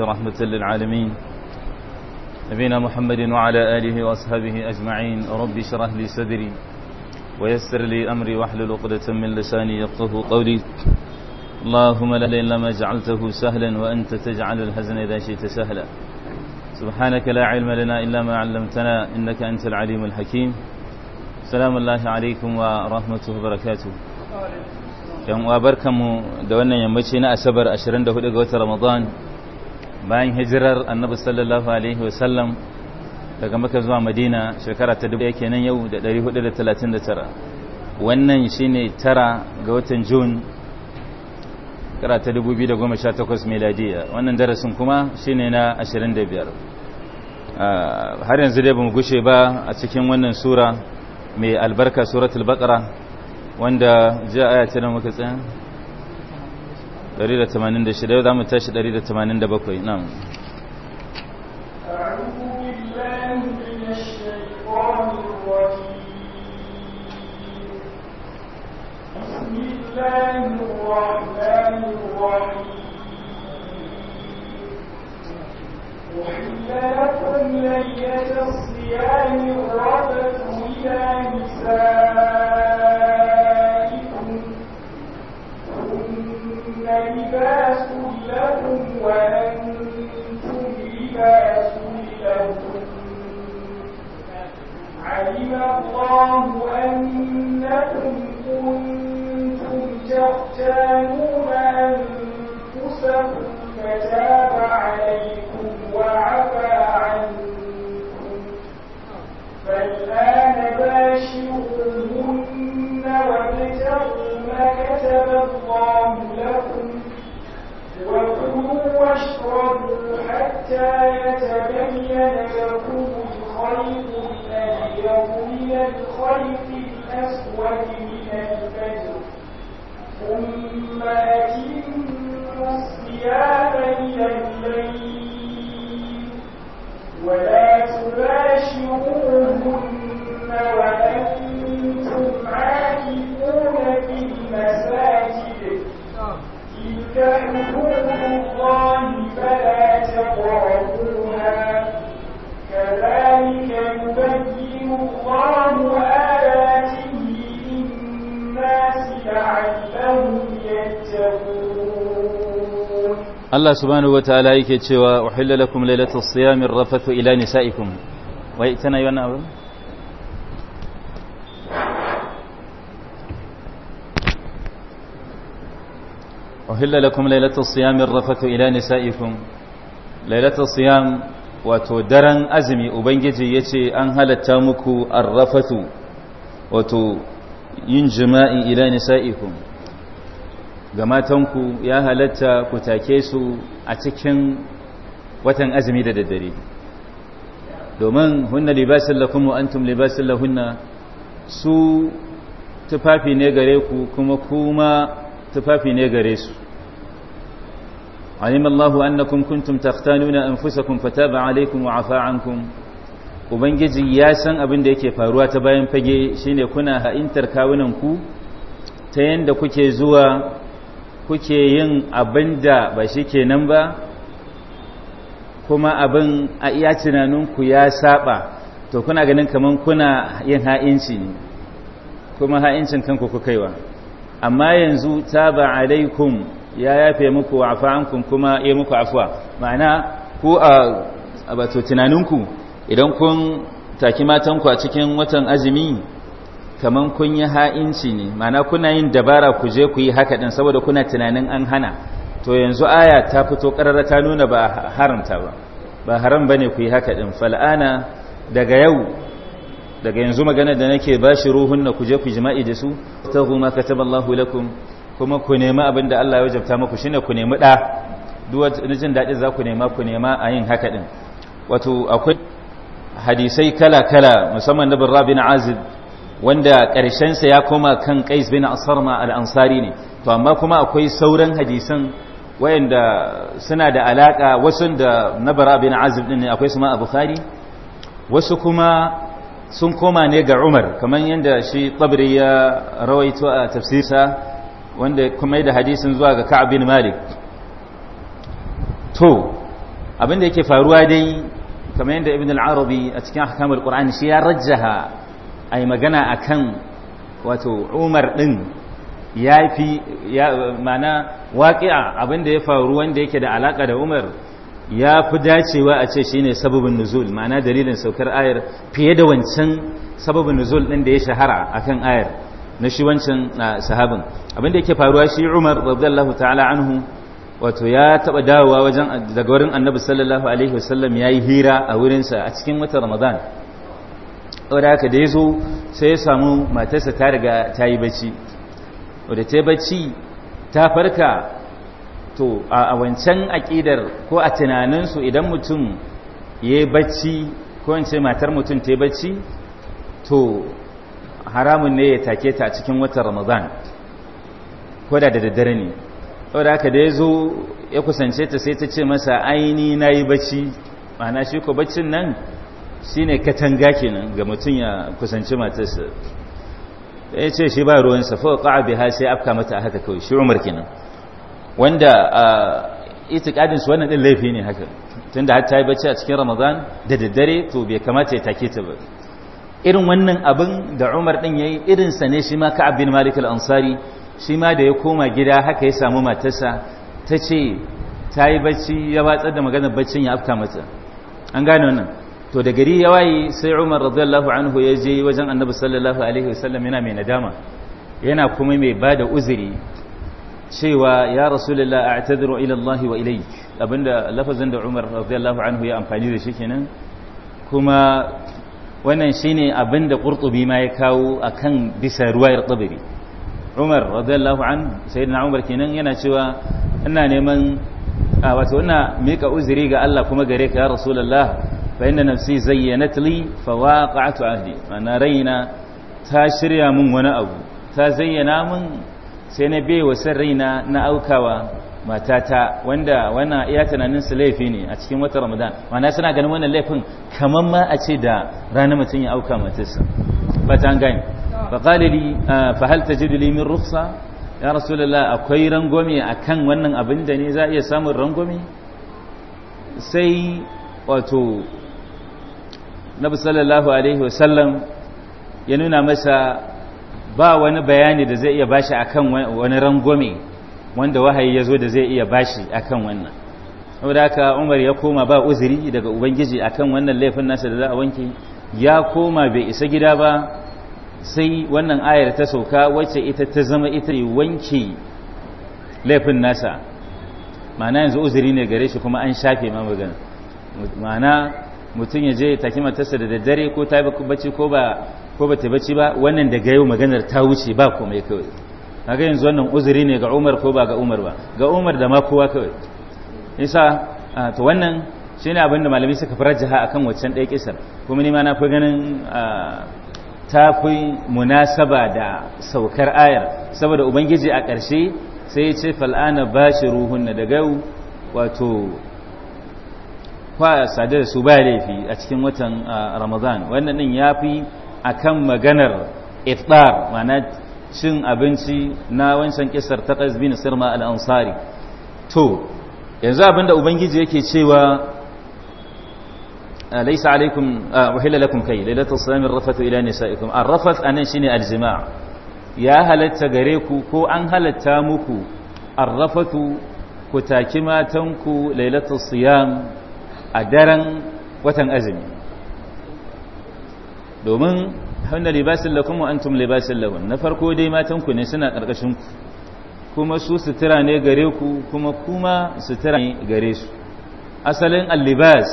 رحمة للعالمين نبينا محمد وعلى آله وأصحابه أجمعين رب شرح لي صدري ويسر لي أمري واحلل لقدة من لساني يفقه قولي اللهم لا إلا ما جعلته سهلا وأنت تجعل الحزن إذا شئت سهلا سبحانك لا علم لنا إلا ما علمتنا إنك أنت العليم الحكيم سلام الله عليكم ورحمته وبركاته يوم أبركم دوانا da أسبر أشرنده لقوة رمضان bayan hijirar annabi sallallahu alaihi wasallam daga maka zuwa madina shekara ta dubu yake nan yau da 439 wannan shine tara ga watan june shekara ta 2018 meladiya wannan darasin kuma shine na 25 har yanzu dai ba mu gushe ba a cikin wannan sura mai albarka suratul baqara wanda ja aya ta nan muka tsaya 186 za mu tashi 187 na'am أعوذ بالله من الشيطان الرجيم بسم الله الرحمن الرحيم ليلة الصيام الرفث إلى نسائكم لباس لكم وأنتم لباس لهم علم الله Allah subhanahu wataala yake cewa uhilla lakum lailatul siyami rafathu ila nisaikum wai tana yi wannan abin uhilla lakum lailatul siyami rafathu ila nisaikum lailatul siyam wato daren azumi ubangiji yace an halatta muku arrafatu wato yin jima'i ila nisaikum ga matanku ya halatta ku take su a cikin watan azumi da daddare domin hunna libasin lakum wa antum libasin lahunna su tufafi ne gare ku kuma kuma tufafi ne gare su alim Allahu annakum kuntum taqtanuna anfusakum fataba alaykum wa afa ankum ubangiji ya san abin da yake faruwa ta bayan fage shine kuna ha'intar kawunan ku ta yanda kuke zuwa kuke yin abin da ba shi kenan ba kuma abin a iya tunaninku ya saba to kuna ganin kamar kuna yin ha'inci ne kuma ha'incin kanku kuka amma yanzu taba alaikum ya yafe muku wa afa'ankum kuma ya muku afuwa ma'ana ku a bato tunaninku idan kun taki matanku a cikin watan azumi kaman kun yi ha'inci ne mana kuna yin dabara ku je ku yi haka ɗin saboda kuna tunanin an hana to yanzu aya ta fito karara ta nuna ba haramta ba ba haram bane ku yi haka din fal'ana daga yau daga yanzu magana da nake bashi ruhun ku je ku jima'i da su tahu ma kataballahu lakum kuma ku nemi abin da Allah ya wajabta muku shine ku nemi da duk jin daɗi za ku nema ku nema a yin haka ɗin wato akwai hadisai kala kala musamman na bin azib wanda ƙarshensa ya koma kan qais bin asarma al-ansari ne to amma kuma akwai sauran hadisan wayanda suna da alaka wasu da na bara bin azib din akwai su ma a bukhari wasu kuma sun koma ne ga umar kamar yadda shi tabri ya rawaito a tafsirsa wanda kuma da hadisin zuwa ga ka'ab bin malik to abinda yake faruwa dai kamar yadda ibn al-arabi a cikin ahkamul qur'ani shi ya rajjaha a magana akan wato umar ɗin ya fi mana waƙi'a abinda ya faru wanda yake da alaƙa da umar ya fi dacewa a ce shi ne sababin nuzul mana dalilin saukar ayar fiye da wancan sababin nuzul ɗin da ya shahara akan kan ayar na shi wancan sahabin abinda yake faruwa shi umar radiyallahu ta'ala anhu wato ya taɓa dawowa wajen daga wurin annabi sallallahu alaihi wasallam ya yi hira a wurinsa a cikin watan ramadan saboda haka da ya zo sai ya samu matarsa ta riga ta yi bacci wadda ta yi bacci ta farka to a wancan aƙidar ko a tunaninsu idan mutum ya yi bacci ko matar mutum ta yi bacci to haramun ne ya take ta a cikin watan ramadan ko da daddare ne saboda haka da ya zo ya kusance ta sai ta ce masa aini na yi bacci ma'ana shi ko baccin nan Sine katanga kenan ga mutum ya kusanci matarsa ya ce shi ba ruwansa fa qa'a biha sai afka mata haka kawai shi Umar nan wanda itikadin wannan din laifi ne haka tun har ta yi bacci a cikin Ramadan da daddare to bai kamata ya take ta ba irin wannan abin da Umar din yayi irin sa ne shi ma Ka'ab bin Malik ansari shi ma da ya koma gida haka ya samu matarsa ta ce ta yi bacci ya watsar da maganar baccin ya afka mata an gane wannan to da gari ya waye sai Umar radiyallahu anhu ya je wajen Annabi sallallahu alaihi wasallam yana mai nadama yana kuma mai bada uzuri cewa ya rasulullahi a'tadiru ila allahi wa ilayk abinda lafazin da Umar radiyallahu anhu ya amfani da shi kenan kuma wannan shine abinda Qurtubi ma ya kawo akan bisa ruwayar Tabari Umar radiyallahu an sayyidina Umar kenan yana cewa ina neman wato ina mika uzuri ga Allah kuma gare ka ya rasulullahi fa inna nafsi zayyanat li fa a ahdi ana raina ta shirya mun wani abu ta zayyana mun sai na bai wasan raina na aukawa matata wanda wana iya tunanin su laifi ne a cikin watan ramadan mana suna ganin wannan laifin kamar ma a ce da ranar mutum ya auka matarsa ba ta gani fa qala fa hal tajidu ya rasulullah akwai rangwame akan wannan abin da ne za a iya samun rangwami sai wato nabi sallallahu alaihi wasallam ya nuna masa ba wani bayani da zai iya bashi akan wani rangwame wanda wahayi ya zo da zai iya bashi akan wannan saboda haka umar ya koma ba uzuri daga ubangiji akan wannan laifin nasa da za a wanke ya koma bai isa gida ba sai wannan ayar ta sauka wacce ita ta zama ita wanke laifin nasa ma'ana yanzu uzuri ne gare shi kuma an shafe magana ma'ana mutum ya je ya taki matarsa da daddare ko ta bacci ko ba ko ba ta bacci ba wannan da gayo maganar ta wuce ba komai kawai kaga yanzu wannan uzuri ne ga Umar ko ba ga Umar ba ga Umar da ma kowa kawai isa to wannan shine abin da malami suka farajaha akan waccan ɗaya kisar kuma ni ma na fi ganin ta fi munasaba da saukar ayar saboda ubangiji a ƙarshe sai ya ce fal'ana ba shi ruhun na gayo wato kwa sadu da su ba laifi a cikin watan ramadan wannan din ya fi a kan maganar iftar mana cin abinci na wancan kisar ta ƙasbin sirma al'ansari to yanzu abinda ubangiji yake cewa laisa alaikum wahila lakum kai lailatul salamin rafatu ila nisa'ikum arrafat anan shine aljima' ya halatta gare ku ko an halatta muku arrafatu ku taki matanku lailatul siyam a daren watan azumi domin hannu libasin lakun wa antum libasin lahun na farko dai matan ku ne suna karkashin ku kuma su sutura ne gare ku kuma kuma sutura ne gare su asalin al-libas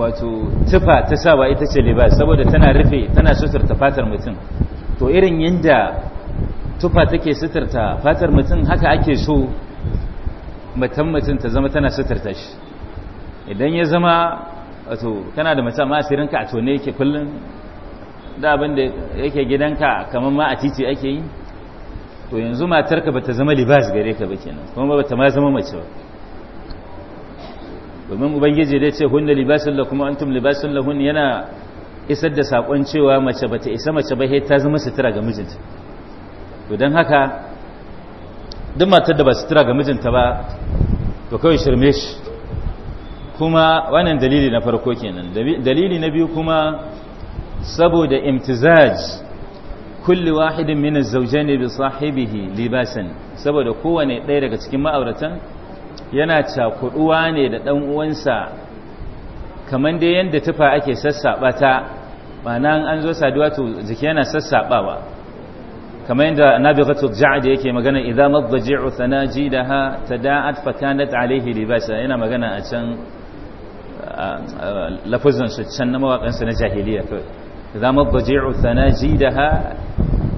wato tufa ta sawa ita ce libas saboda tana rufe tana suturta fatar mutum to irin yadda tufa take suturta fatar mutum haka ake so matan mutum ta zama tana suturta shi idan ya zama wato kana da mace ma ka a tone yake kullum da abin da yake gidanka kamar ma a titi ake yi to yanzu matarka ba ta zama libas gare ka ba kenan kuma ba ta ma zama mace ba domin ubangiji dai ce hunna libasun la kuma antum libasun lahun yana isar da sakon cewa mace ba ta isa mace ba ta zama sutura ga mijinta to don haka duk matar da ba sutura ga mijinta ba to kawai shirme shi kuma wannan dalili na farko kenan dalili na biyu kuma saboda imtizaj kulli wahidin min az-zawjayn bi sahibihi libasan saboda kowane ɗaya daga cikin ma'auratan yana cakuduwa ne da dan uwansa kaman dai yanda tufa ake sassaba ta an zo saduwa to jiki yana sassabawa kamar yadda nabigatu ja'd yake magana idza madji'u thanajidaha tada'at fa kanat alayhi libasa yana magana a can lafazan su can na mawaƙansu na jahiliya kawai zama baji'u ji da ha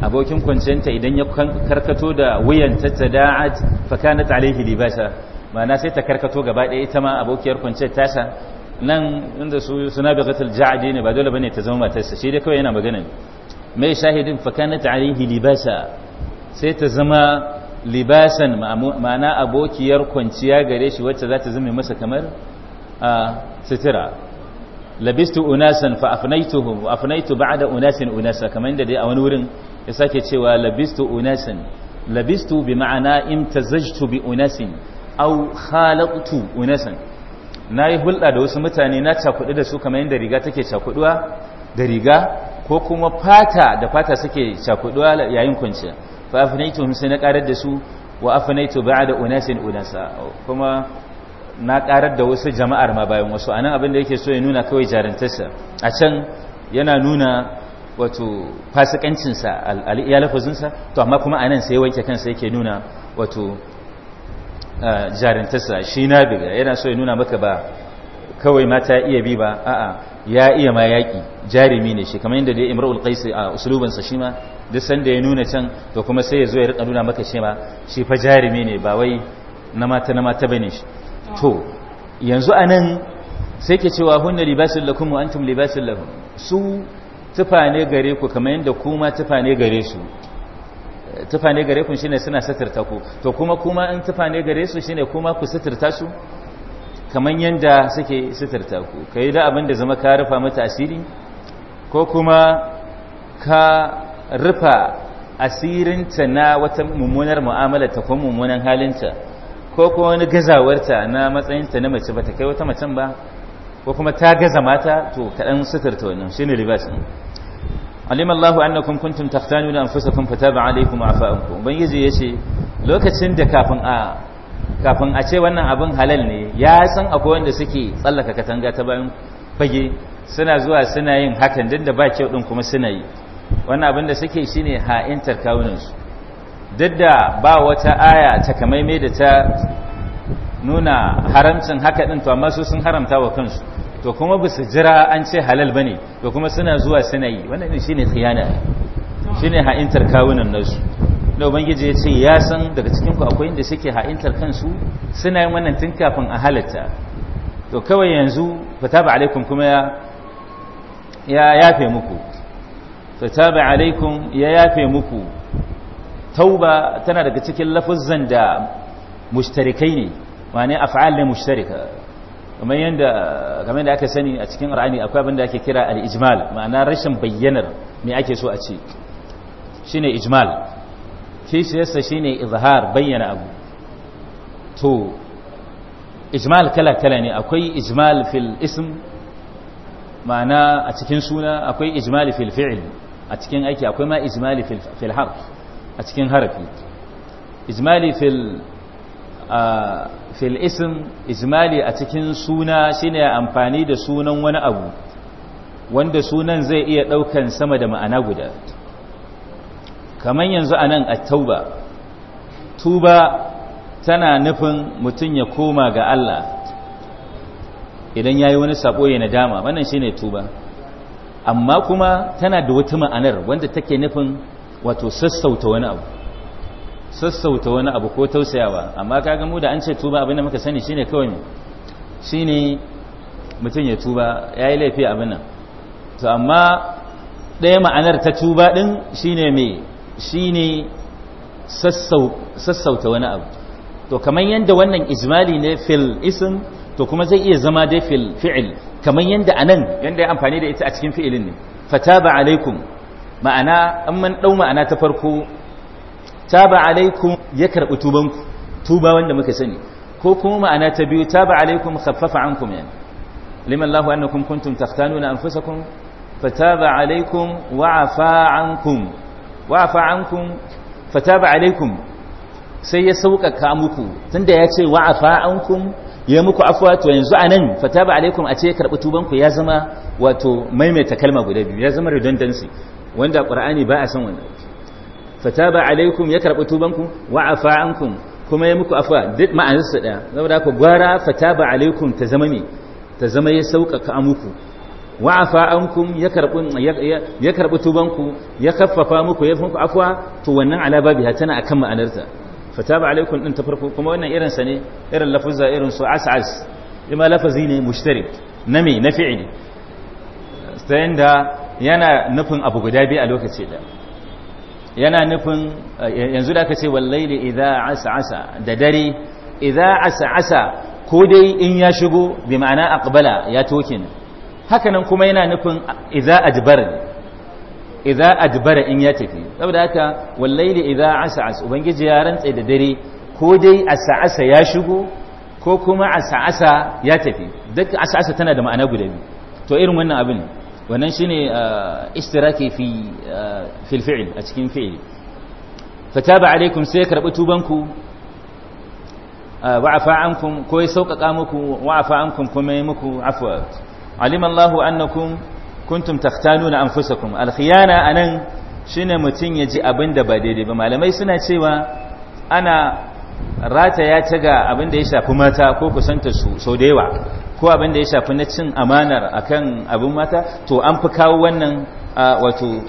abokin kwanciyanta idan ya karkato da wuyan ta da'at fa kanat alaihi libasa ma'ana sai ta karkato gaba ɗaya ita ma abokiyar kwanciyar tasa nan inda su suna bagatul ja'adi ne ba dole bane ta zama matarsa shi dai kawai yana magana ne mai shahidin fa da alaihi libasa sai ta zama libasan ma'ana abokiyar kwanciya gare shi wacce za ta zama masa kamar sitira labistu unasan fa afnaituhum wa afnaitu ba'da unasin unasa kamar inda dai a wani wurin ya sake cewa labistu unasan labistu bi ma'ana imtazajtu bi unasin aw khalaqtu unasan nayi hulɗa da wasu mutane na cakudu da su kamar inda riga take cakuduwa da riga ko kuma fata da fata suke cakuduwa yayin kwanciya fa afnaituhum sai na karar da su wa afnaitu ba'da unasin unasa kuma na karar da wasu jama'ar ma bayan wasu anan abin da yake so ya nuna kawai jarantarsa a can yana nuna wato fasikancinsa ya lafazinsa to amma kuma anan sai wanke kansa yake nuna wato jarantarsa shi na biga yana so ya nuna maka ba kawai mata iya bi ba a'a ya iya ma yaƙi jarumi ne shi kamar yadda dai imra'ul qais a usulubansa shi ma duk sanda ya nuna can to kuma sai ya zo ya rika nuna maka shi ma shi fa jarumi ne ba wai na mata na mata bane shi to yanzu anan sai ke cewa hunna libasul lakum wa antum libasul lahum su tufa ne gare ku kamar yadda kuma tufa ne gare su tufa ne gare ku shine suna satirta ku to kuma kuma in tufa ne gare su shine kuma ku satirta su kamar yadda suke suturta ku ka yi da abin da zama ka rufa mata asiri ko kuma ka rufa asirinta na wata mummunar mu'amala ta kuma mummunan halinta ko kuma wani gazawarta na matsayinta na mace ba ta kai wata macen ba ko kuma ta gaza mata to kaɗan suturta wannan shine ribas ɗin alim annakum kuntum taftanuna anfusakum fataba alaykum afa ankum ubangiji yace lokacin da kafin a kafin a ce wannan abin halal ne ya san akwai wanda suke tsallaka katanga ta bayan fage suna zuwa suna yin hakan dinda ba kyau din kuma suna yi wannan abin da suke shine ha'intar kawunan duk da ba wata aya ta kamaimai da ta nuna haramcin haka ɗin to amma su sun haramta wa kansu to kuma ba jira an ce halal bane to kuma suna zuwa suna yi wannan ne shine khiyana ne ha'intar kawunan nasu da ubangiji ya ce ya san daga cikin ku akwai inda suke ha'intar kansu suna yin wannan tun kafin a halatta to kawai yanzu ba alaikum kuma ya ya yafe muku fataba alaikum ya yafe muku tauba tana daga cikin lafuzzan da mushtarikai ne wani af'al ne mushtarika kamar yadda kamar yadda aka sani a cikin ra'ani akwai abin da ake kira al-ijmal ma'ana rashin bayyanar me ake so a ce shine ijmal kishiyarsa shine izhar bayyana abu to ijmal kala kala ne akwai ijmal fil ism ma'ana a cikin suna akwai ijmal fil fi'l a cikin aiki akwai ma ijmal fil harf a cikin harafi ijmali fil fil ism ijmali a cikin suna shine amfani da sunan wani abu wanda sunan zai iya daukan sama da ma'ana guda kamar yanzu anan at-tauba tuba tana nufin mutum ya koma ga Allah idan yayi wani sako ya nadama wannan shine tuba amma kuma tana da wata ma'anar wanda take nufin wato sassauta wani abu sassauta wani abu ko tausayawa amma kaga mu da an ce tuba abin da muka sani shine kawai ne shine mutum ya tuba yayi laifi abin nan to amma ɗaya ma'anar ta tuba din shine me shine sassauta wani abu to kamar yadda wannan ijmali ne fil ism to kuma zai iya zama dai fil fi'il kamar yadda anan yadda ya amfani da ita a cikin fi'ilin ne fataba alaikum ma'ana an man ɗau ma'ana ta farko taba alaikum ya karɓi tubanku tuba wanda muka sani ko kuma ma'ana ta biyu taba alaikum khaffafa ankum yani liman lahu annakum kuntum taftanuna anfusakum fataba alaikum wa'afa ankum wa'afa ankum fataba alaikum sai ya sauƙaƙa muku tunda ya ce wa'afa ankum ya muku afuwa to yanzu anan fataba alaikum a ce ya karɓi tubanku ya zama wato maimaita kalma guda biyu ya zama redundancy wanda qur'ani ba a san wannan fataba alaikum ya karbi tubanku wa kuma ya muku duk ma'anar su ku gwara alaikum ta zama ta zama ya sauƙaƙa wa ya tubanku ya kaffafa muku ya to wannan alaba tana akan ma'anarta fataba alaikum din ta farko kuma wannan irin ne irin lafuzza irin su as'as ima lafazi ne mushtarik na me na fi'ili ta yanda yana nufin abu guda biyu a lokaci da yana nufin eh, yanzu da aka ce wallaili idza as'asa da dare idza as'asa ko dai in ya shigo bi ma'ana aqbala ya toke hakanan kuma yana nufin idan ajbara idan ajbara in ya tafi saboda haka wallaili idza as'as ubangiji ya rantsa da dare ko dai as'asa ya shigo ko kuma as'asa ya tafi duk as'asa tana da ma'ana guda biyu to irin wannan abin ne wannan shine uh, istiraki fi uh, fil a cikin fi'li fataba alaikum sai karbi tubanku uh, wa'afa ankum ko ya sauƙaƙa muku wa'afa ankum kuma yi muku afwa alima annakum kuntum takhtanuna anfusakum alkhiyana anan shine mutun yaji abinda ba daidai ba malamai suna cewa ana rata ya taga abinda ya shafi mata ko kusanta su sau da yawa ko abin da ya shafi na cin amanar akan abin mata to an fi kawo wannan wato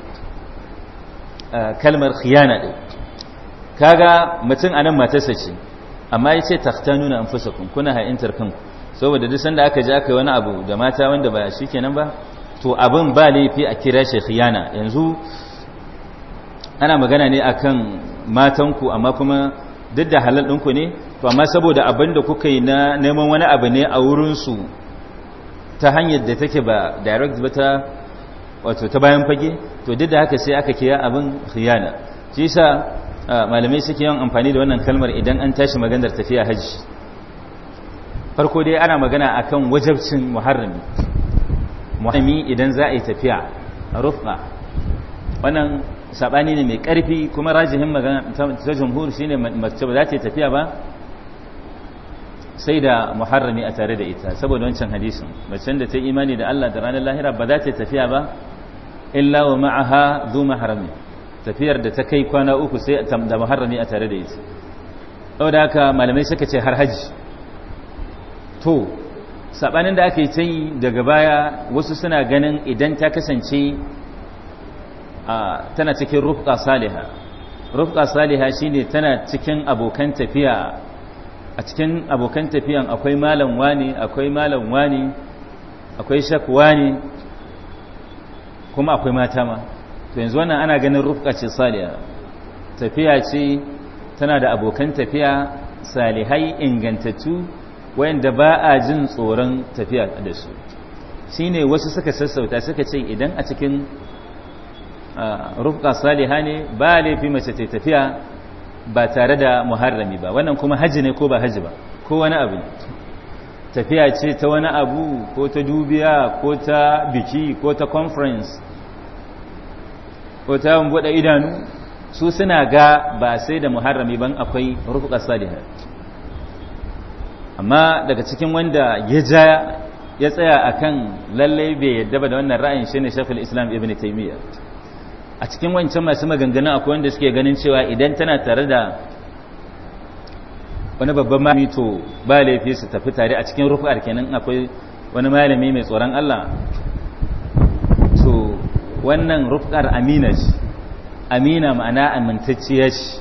kalmar khiyana ɗin kaga mutum a nan matarsa ce amma ya ce nuna an fusakun kuna ha'intar kanku saboda duk sanda aka ji aka yi wani abu da mata wanda ba shi kenan ba to abin ba laifi a kira shi khiyana yanzu ana magana ne akan matanku amma kuma duk da halal ɗinku ne to amma saboda abin da kuka yi na neman wani abu ne a wurinsu ta hanyar da take ba direct ba ta bayan fage to duk da haka sai aka kira abin khiyana shi sa malamai suke yawan amfani da wannan kalmar idan an tashi maganar tafiya hajji farko dai ana magana a kan wajabcin muharrami muharrami idan za a yi tafiya rufa wannan sabani ne mai karfi kuma rajihin magana ta jumhur shine mace ba za ta tafiya ba sai da muharrami a tare da ita saboda wancan hadisin macen da ta imani da Allah da ranar lahira ba za ta tafiya ba illa wa ma'aha zu muharrami tafiyar da ta kai kwana uku sai da muharrami a tare da ita saboda haka malamai suka ce har haji to sabanin da ake yi daga baya wasu suna ganin idan ta kasance tana cikin rufka saliha rufka saliha shine tana cikin abokan tafiya a cikin abokan tafiyan akwai malam wani akwai malam wani akwai shak wani kuma akwai mata ma to yanzu wannan ana ganin rufka ce saliha tafiya ce tana da abokan tafiya salihai ingantattu wayanda ba a jin tsoron tafiya da su shine wasu suka sassauta suka ce idan a cikin rufka saliha ne ba laifi mace ta tafiya ba tare da muharrami ba wannan kuma haji ne ko ba haji ba ko wani abu tafiya ce ta wani abu ko ta dubiya ko ta biki ko ta conference ko ta yawon buɗe idanu su suna ga ba sai da muharrami ban akwai rufka saliha amma daga cikin wanda ya ja ya tsaya akan lallai bai yadda ba da wannan ra'ayin shine Sheikhul Islam Ibn Taymiyyah a cikin wancan masu maganganu akwai wanda suke ganin cewa idan tana tare da wani babban malami to ba laifi su tafi tare a cikin rufu'ar kenan akwai wani malami mai tsoron Allah to wannan ruf'ar amina ce amina ma'ana amintacciya ce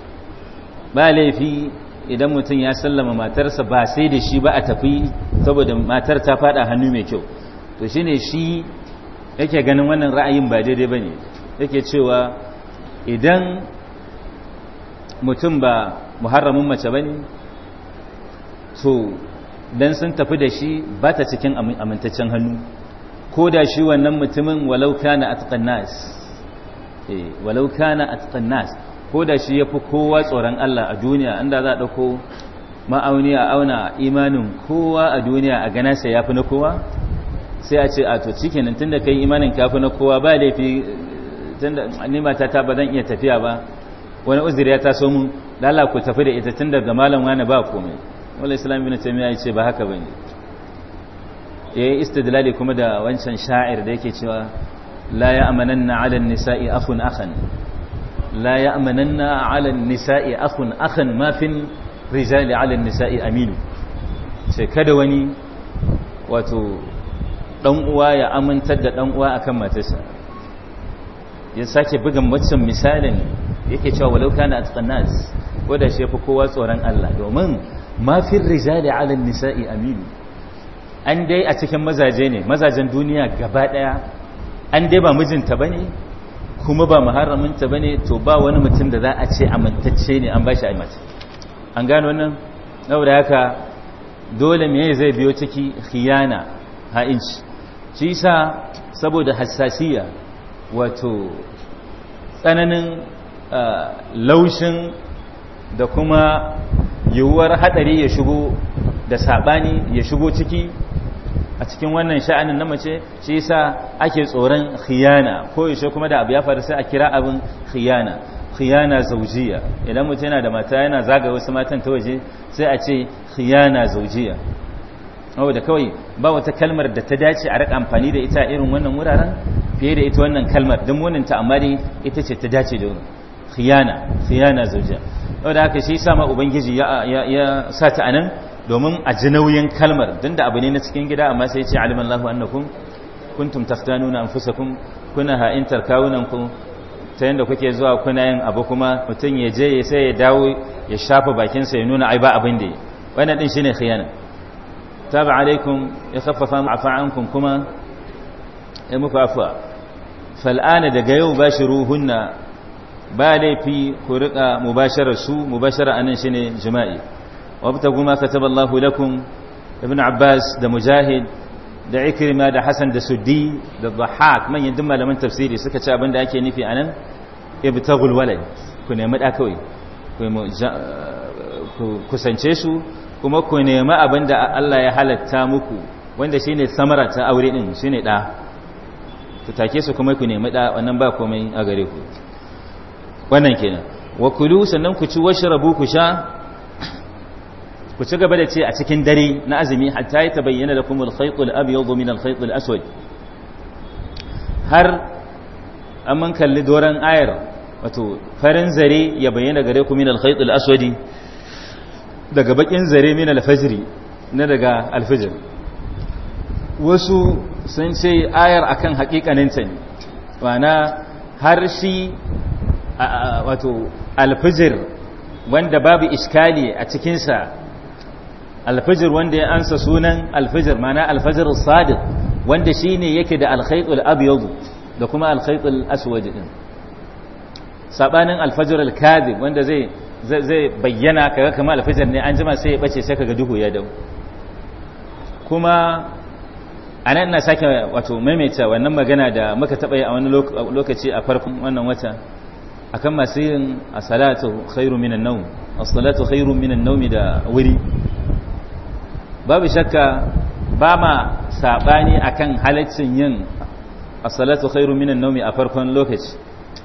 ba laifi idan mutum ya sallama matarsa ba sai da shi ba a tafi saboda matar ta fada hannu mai kyau to shine shi yake ganin wannan ra'ayin ba daidai ne. yake cewa idan mutum ba muharramin mace ba ne to dan sun tafi da shi ba ta cikin amintaccen hannu ko da shi wannan mutumin walau kana atqan nas eh walau kana atqan nas ko da shi yafi kowa tsoron Allah a duniya inda za a dauko ma'auni a auna imanin kowa a duniya a gana sai yafi na kowa sai a ce a to cikin tunda kai imanin fi na kowa ba laifi tunda ni mata ta ba zan iya tafiya ba wani uzuri ya taso mun lalla ku tafi da ita tunda ga malam wani ba komai wallahi islam ibn taymiya yace ba haka bane yayi istidlali kuma da wancan sha'ir da yake cewa la ya'mananna 'ala an-nisa'i akhun akhan la ya'mananna 'ala an-nisa'i akhun akhan ma fi rijali 'ala an-nisa'i aminu sai kada wani wato dan uwa ya amintar da dan uwa akan matarsa ya sake bugan macin misalin yake cewa walau kana atqan nas wanda shi yafi kowa tsoron Allah domin ma fi rijali ala nisa'i aminu. an dai a cikin mazaje ne mazajen duniya gaba daya an dai ba mijinta bane kuma ba muharraminta bane to ba wani mutum da za a ce amintacce ne an bashi aimata an gano wannan saboda haka dole me zai biyo ciki khiyana ha'inci shi saboda hassasiyya wato tsananin uh, laushin da kuma yiwuwar hadari ya shigo da sabani ya shigo ciki a cikin wannan sha'anin na mace shi yasa ake tsoron khiyana ko yaushe kuma da abu ya faru sai a kira abin khiyana khiyana zaujiya idan mutum yana da mata yana zaga wasu matan ta waje sai a ce khiyana zaujiya da kawai ba wata kalmar da ta dace a rika amfani da ita irin wannan wuraren fiye da ita wannan kalmar don muninta amma dai ita ce ta dace da khiyana khiyana yau da haka shi sa ma ubangiji ya sa ta anan domin a ji nauyin kalmar don da abu ne na cikin gida amma sai ce aliman lahu nuna kuntum fusa kun kuna ha'intar kawunan ta yadda kuke zuwa kuna yin abu kuma mutum ya je sai ya dawo ya shafa bakinsa ya nuna ai ba abin da ya shine khiyana taba alaikum ya khaffafa afa kuma Eh, ai fal'ana daga yau ba shi ruhunna ba laifi ku riƙa mubasharar su mubashara anan ne jima'i wabta ka taba Allahu lakun ibn Abbas da Mujahid da Ikrima da Hassan da Suddi da Dhahhak manyan duk malaman tafsiri suka ci abinda ake nufi anan ibtagul walad ku nemi da kawai kusance su kuma ku nemi abinda Allah ya halatta muku wanda shine samara ta aure din shine da ta take su kuma ku nemi da wannan ba komai a gare ku wannan kenan wa kulu sannan ku ci washrabu ku sha ku ci gaba da ce a cikin dare na azumi hatta ya tabayyana lakum al-khayt abyad min al-khayt aswad har amman kalli doran ayar wato farin zare ya bayyana gare ku min al-khayt aswad daga bakin zare min al-fajr na daga al-fajr wasu sun ce ayar akan hakikaninta ne wana har shi wato alfijir wanda babu iskali a cikinsa alfijir wanda ya ansa sunan alfijir mana alfijir sadiq wanda shi ne yake da alkhaitul abyadu da kuma alkhaitul aswad din sabanin alfajr alkadib wanda zai bayyana kaga kamar alfijir ne an jima sai ya bace sai kaga duhu ya dau kuma a nan na sake wato maimaita wannan magana da muka taɓa yi a wani lokaci a farkon wannan wata akan masu yin a salatu khairu minan naum a salatu khairu minan naumi da wuri babu shakka ba ma saɓani akan halaccin yin a salatu khairu minan naumi a farkon lokaci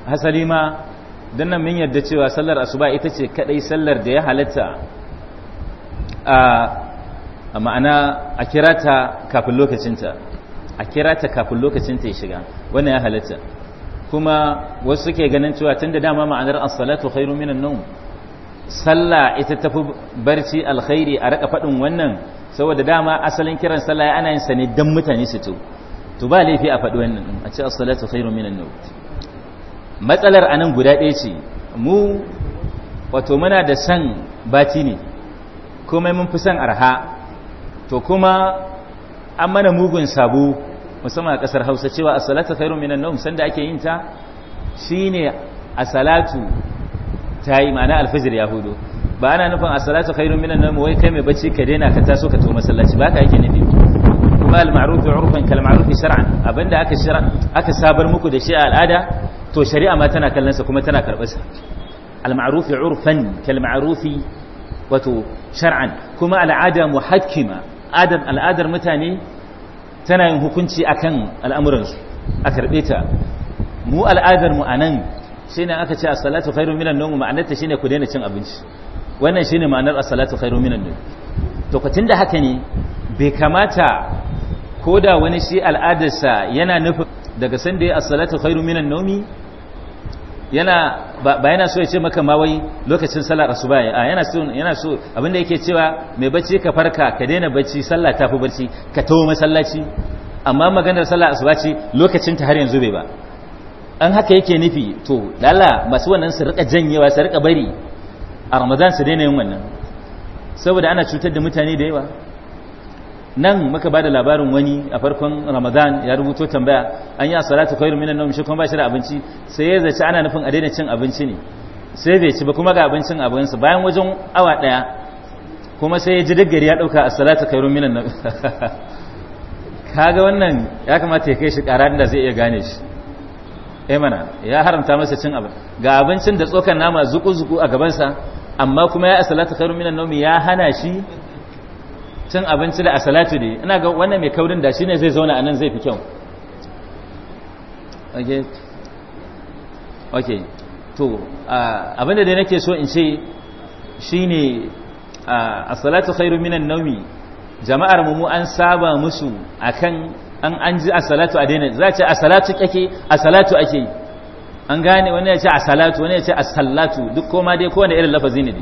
hasali ma don nan mun yarda cewa sallar asuba ita ce kadai sallar da ya halatta a ma'ana a kira ta kafin lokacinta a kira ta kafin lokacinta ya shiga wannan ya halatta kuma wasu suke ganin cewa tun da dama ma'anar as-salatu khairu minan nawm sallah ita tafi barci alkhairi a raka fadin wannan saboda dama asalin kiran sallah ana yin sa ne dan mutane su to to ba laifi a fadi wannan a ce as-salatu khairu minan nawm matsalar anan guda ɗaya ce mu wato muna da san baci ne komai mun fi san arha to kuma an mana mugun sabu musamman a kasar hausa cewa a salatu khairun minan nawm sanda ake yin ta ne a salatu ta yi ma'ana alfajir ya hudu ba ana nufin a salatu khairun minan nawm wai kai mai bacci ka daina ka taso ka to masallaci ba ka yake nufi kuma al-ma'ruf 'urfan kal ma'ruf shar'an abinda aka shara aka sabar muku da shi a al'ada to shari'a ma tana kallon sa kuma tana karbar sa al-ma'ruf 'urfan kal ma'ruf wato shar'an kuma al'ada muhakkima adam al'adar mutane tana yin hukunci akan al'amuransu a karɓe ta mu al'adar mu anan shine aka ce a salatu khairu minan nawm ma'anarta shine ku daina cin abinci wannan shine ma'anar a salatu khairu minan nomu tokacin da haka ne bai kamata ko da wani shi al'adarsa yana nufin daga sanda ya a salatu khairu minan nomi yana ba yana so ya ce maka ma wai lokacin rasu ba a yana so yana so abinda yake cewa mai bacci ka farka ka daina bacci sallah tafi bacci ka tawo masallaci amma maganar sallah asuba ce lokacin ta har yanzu bai ba an haka yake nufi to lala masu wannan su rika janyewa su rika bari a ramadan su daina yin wannan saboda ana cutar da mutane da yawa nan muka bada labarin wani a farkon ramadan ya rubuto tambaya an yi a salatu kawai minan nawm shi kuma ba shi da abinci sai ya zaci ana nufin a daina cin abinci ne sai bai ci ba kuma ga abincin abuwansa bayan wajen awa daya kuma sai ya ji daggari ya dauka a salatu khairu minan Ka kaga wannan ya kamata ya kai shi karar da zai iya gane shi eh mana ya haramta masa cin abin ga abincin da tsokan nama zuku zuku a gabansa amma kuma ya asalata khairu minan nomi ya hana shi cin abinci da asalatu ne ina ga wannan mai kaurin da shine zai zauna anan zai fi kyau okay okay to abinda da nake so in ce shine ne asalatu khairu minan nawmi jama'ar mu an saba musu akan an an ji asalatu a daina za ce asalatu kake asalatu ake an gane wani ya ce asalatu wani ya ce as duk koma dai kowane irin lafazi ne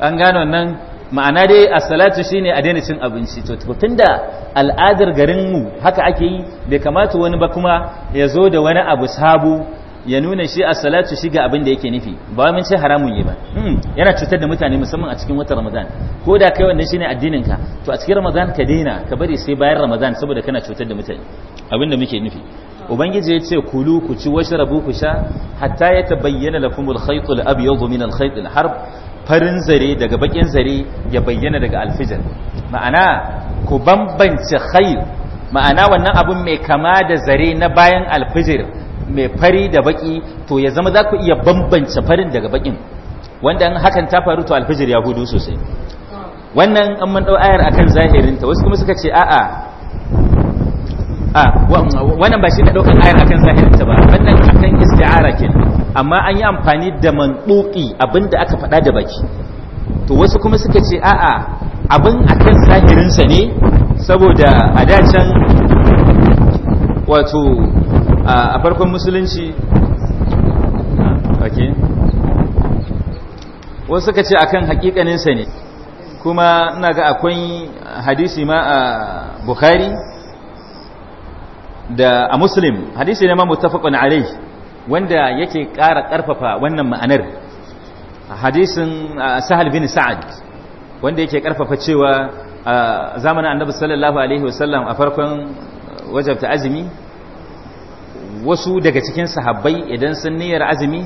an gane wannan ma'ana dai asalatu salatu shine a daina cin abinci to da al'adar garin mu haka ake yi bai kamata wani ba kuma ya zo da wani abu sabu ya nuna shi a salatu shi ga abin da yake nufi ba mun ce haramun yi ba hmm, yana cutar da mutane musamman a cikin watan ramadan ko da kai wannan shine addinin ka to a cikin ramadan ka daina ka bari sai bayan ramadan saboda kana cutar da mutane abin da muke nufi ubangiji ya ce kulu ku ci washrabu ku sha hatta ya tabayyana lakumul khaytul abyadu min al-khaytil harb farin zare daga bakin zare ya bayyana daga alfijir ma'ana ku bambance khair ma'ana wannan abun mai kama da zare na bayan alfijir mai fari da baki to ya zama za ku iya bambance farin daga bakin wanda hakan ta faru to alfijir ya hudu sosai wannan an mun ɗau ayar akan zahirinta wasu kuma suka ce a'a Aa ah, wannan ba shi da ɗaukar ayar akan zahirinta ba wannan akan isti'ara ke amma an yi amfani da manɗoƙi abinda aka faɗa da baki to wasu kuma suka ce a'a abin akan zahirinsa ne saboda a dacen wato a farkon musulunci wasu suka ce akan hakikaninsa ne kuma ina ga akwai hadisi ma a bukhari da a muslim hadisi ne ma mutafakon alai wanda yake ƙara ƙarfafa wannan ma'anar hadisin sahal bin sa'ad wanda yake ƙarfafa cewa a zamanin annabi sallallahu alaihi wasallam a farkon wajabta azumi wasu daga cikin sahabbai idan sun niyyar azumi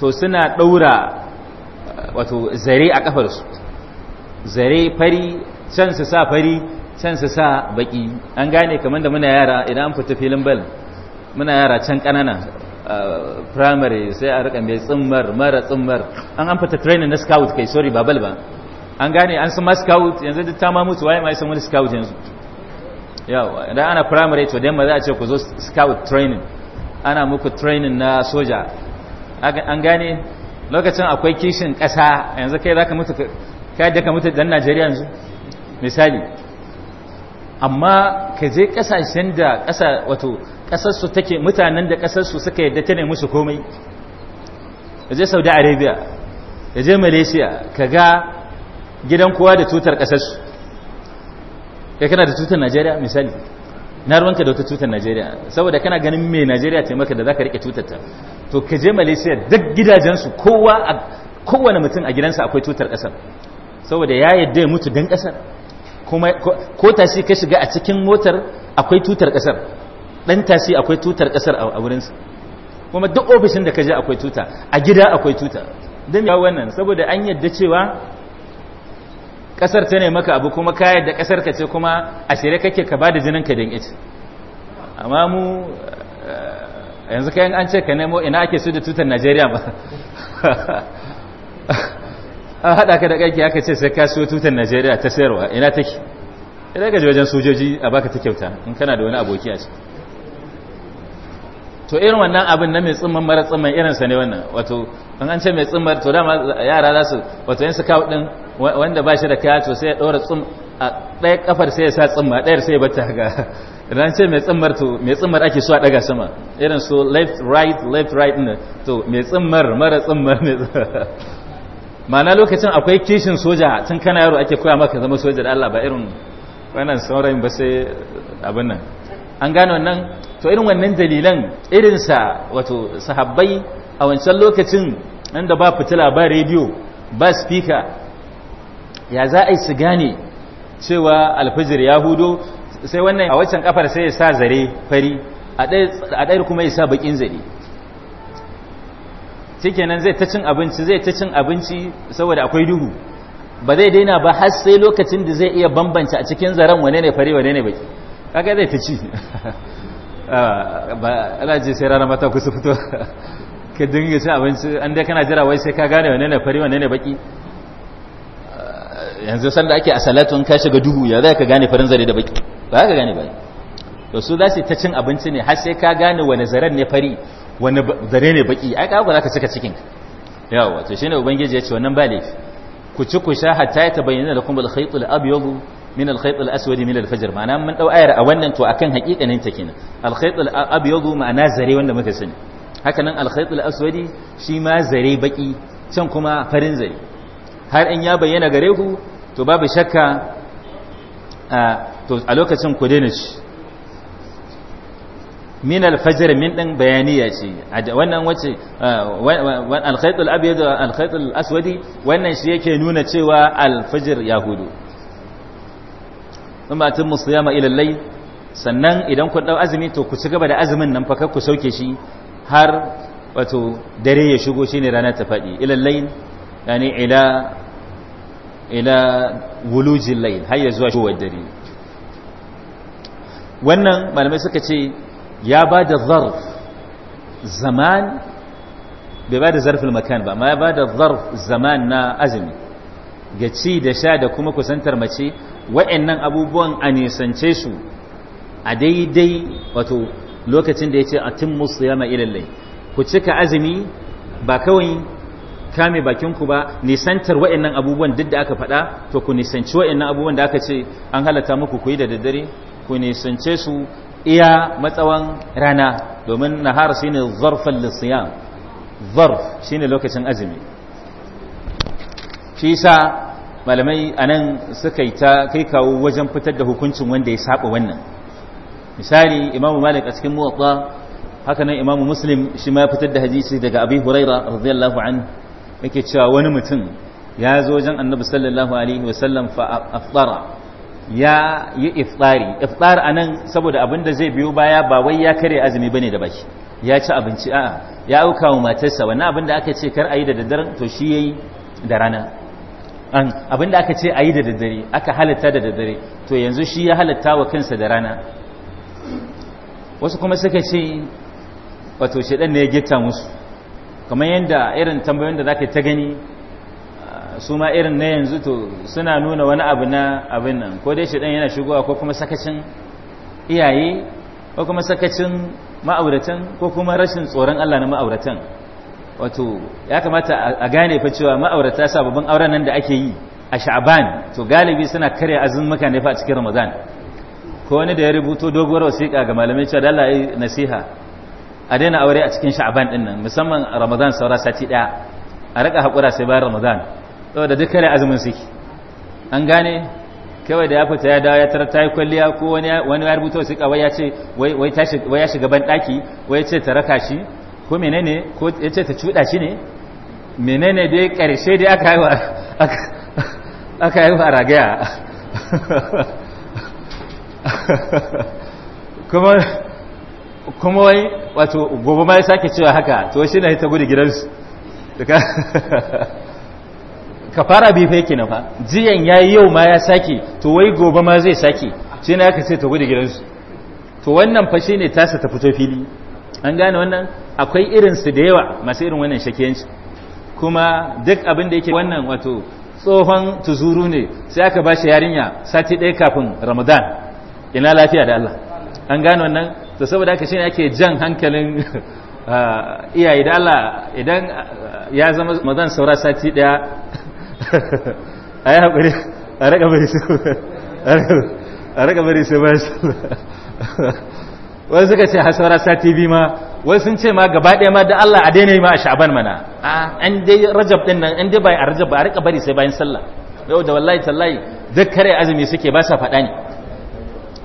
to suna ɗaura wato zare a ƙafarsu zare fari can su sa fari can su sa baki an gane kamar da muna yara idan an fita filin bal muna yara can kanana primary sai a rika mai tsimmar mara tsimmar an an fita training na scout kai sorry ba bal ba an gane an ma scout yanzu duk ta mamutu waye ma sun wani scout yanzu yawa idan ana primary to dan ma za a ce ku zo scout training ana muku training na soja an gane lokacin akwai kishin kasa yanzu kai za ka mutu ka yadda ka mutu dan Najeriya yanzu misali amma ka je kasashen da kasa wato kasarsu take mutanen da kasarsu suka yadda ta musu komai ka je saudi arabia ka je malaysia ka ga gidan kowa da tutar kasarsu kai kana da tutar najeriya misali na ruwanka da wata tutar najeriya saboda kana ganin mai najeriya ce maka da za ka rike tutarta to ka je malaysia duk gidajensu kowa kowane mutum a gidansa akwai tutar kasar saboda ya yadda ya mutu don kasar kuma ko tashi ka shiga a cikin motar akwai tutar kasar dan tashi akwai tutar kasar a wurinsa kuma duk ofishin da ka je akwai tuta a gida akwai tuta dan ya wannan saboda an yadda cewa kasar ta ne maka abu kuma ka yadda kasar ka ce kuma a shirye kake ka bada jinin ka dan ita amma mu eh, yanzu kayan an ce ka nemo ina ake su da tutar najeriya ba A haɗa ka da ƙaƙi aka ce sai kasuwa tutar najeriya ta sayarwa ina take ina gaji wajen sojoji a baka ta kyauta in kana da wani aboki a ce to irin wannan abin na mai tsimman mara tsimman irinsa ne wannan wato in an ce mai tsimmar to dama yara za su wato yin su kawo ɗin wanda ba shi da kaya to sai ya ɗora tsim a ɗaya kafar sai ya sa tsimma ɗayar sai ya bata haka idan ce mai tsimmar to mai tsimmar ake so a ɗaga sama irin so left right left right ne to mai tsimmar mara tsimmar ne ma'ana lokacin akwai kishin soja tun kana yaro ake koya maka zama soja da Allah ba irin wannan saurayin ba sai abin nan an gane wannan to irin wannan dalilan irinsa wato sahabbai a wancan lokacin inda ba fitila ba rediyo ba speaker ya za a yi su gane cewa alfajir ya hudo sai wannan a waccan kafar sai ya sa zare fari a ɗaya kuma ya sa bakin zare shikenan zai ta cin abinci zai ta cin abinci saboda akwai duhu ba zai daina ba har sai lokacin da zai iya bambanta a cikin zaren wane ne fari wane ne baki kaga zai ta ci ah, ba ana ce sai rana mata ku su fito ka dinga cin abinci an dai kana jira wai sai ka gane wane ne fari wane ne baki ah, yanzu sanda ake a salatun ka shiga duhu ya zai ka gane farin zare da baki ba ka gane ba to su za su ta cin abinci ne har sai ka gane wane zaren ne fari wani zare ne baki ai kawo za ka cika cikin yawa to shine ubangiji ya ce wannan ba laifi ku ci ku sha hatta ya tabayyana lakum kuma khayt al-abyad min al-khayt al-aswad min al-fajr ma'ana mun dau ayar a wannan to akan haqiqanin ta kenan al-khayt al-abyad ma'ana zare wanda muka sani haka nan al-khayt shi ma zare baki can kuma farin zare har in ya bayyana gare ku to babu shakka a lokacin ku daina shi min alfajr min din bayaniya ce wannan wace alkhayt alabyad alkhayt alaswadi wannan shi yake nuna cewa alfajr ya hudu kuma atimmu siyama ila al sannan idan ku dau azumi to ku ci gaba da azumin nan fa kar ku sauke shi har wato dare ya shigo shine rana ta fadi ila al yani ila ila wulujil layl har ya zuwa showar dare wannan malamai suka ce ya ba da zarf zaman bai ba da zarfin makan ba ma ya ba da zarf zaman na azumi ga ci da sha da kuma kusantar mace wa'annan abubuwan a nisance su a daidai wato lokacin da ya ce a tun musu yama ilallai ku cika azumi ba kawai kame bakinku ba nisantar wa'annan abubuwan duk da aka faɗa to ku nisanci wa'annan abubuwan da aka ce an halatta muku ku yi da daddare ku nisance su iya matsawan rana domin nahar shine zarfan lisiyam zarf shine lokacin azumi shi sa malamai anan suka yi ta kai kawo wajen fitar da hukuncin wanda ya saba wannan misali imamu malik a cikin muwatta haka nan imamu muslim shi ma fitar da hadisi daga abi huraira radiyallahu an yake cewa wani mutum ya zo wajen annabi sallallahu alaihi wasallam fa aftara ya yi iftari iftar a nan saboda abin da zai biyo baya ba wai ya kare azumi bane da baki ya ci abinci a'a ya auka wa matarsa wannan abin da aka ce kar a yi da daddare to shi ya yi da rana abin da aka ce a yi da daddare aka halatta da daddare to yanzu shi ya halatta wa kansa da rana wasu kuma suka ce wato shedan ne ya gita musu kamar yadda irin tambayoyin da za ta gani su ma irin na yanzu to suna nuna wani abu na abin nan ko dai shi dan yana shigowa ko kuma sakacin iyaye ko kuma sakacin ma'auratan ko kuma rashin tsoron Allah na ma'auratan wato ya kamata a gane fa cewa ma'aurata sababbin auren nan da ake yi a sha'aban to galibi suna karya azummuka ne fa a cikin ramadan ko wani da ya rubuto doguwar wasiƙa ga malamai cewa da Allah nasiha a daina aure a cikin sha'aban din nan musamman ramadan saura sati daya a rika hakura sai bayan ramadan saboda duk kare azumin suke an gane kawai da ya fita ya dawo ya tarar ta yi kwalliya ko wani ya rubuta wasu kawai ya ce wai ya shiga ban ɗaki wai ya ce ta raka shi ko menene ko ya ce ta cuɗa shi ne menene dai ƙarshe dai aka yi wa aka yi wa ragaya kuma kuma wai wato gobe ma ya sake cewa haka to shi na ta gudu gidansu kafara bi fai kenan fa jiyan yayi yau ma ya sake to wai gobe ma zai sake shi ne aka ce ta gudu gidansu to wannan fa shi ne tasa ta fito fili an gane wannan akwai irin da yawa masu irin wannan shakiyanci kuma duk abin da yake wannan wato tsohon tuzuru ne sai aka ba shi yarinya sati ɗaya kafin ramadan ina lafiya da Allah an gane wannan to saboda haka ne ake jan hankalin ah, iyaye da Allah idan ah, ya zama mazan saura sati ɗaya. a yi haƙuri a raka bari su a raka bari su ba su wani suka ce hasara sati biyu ma wani sun ce ma gaba ɗaya ma da Allah a daina yi ma a sha'aban mana an dai rajab ɗin nan an dai bai a rajab ba a raka bari sai bayan sallah yau da wallahi tallahi duk kare azumi suke ba sa faɗa ne